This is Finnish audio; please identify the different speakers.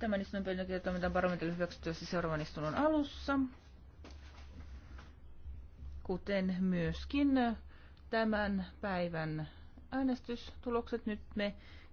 Speaker 1: Tämän istunnon pöytäkirja toimitaan barometrin hyväksyttävästi seuraavan istunnon
Speaker 2: alussa, kuten myöskin tämän päivän äänestystulokset.
Speaker 3: Nyt me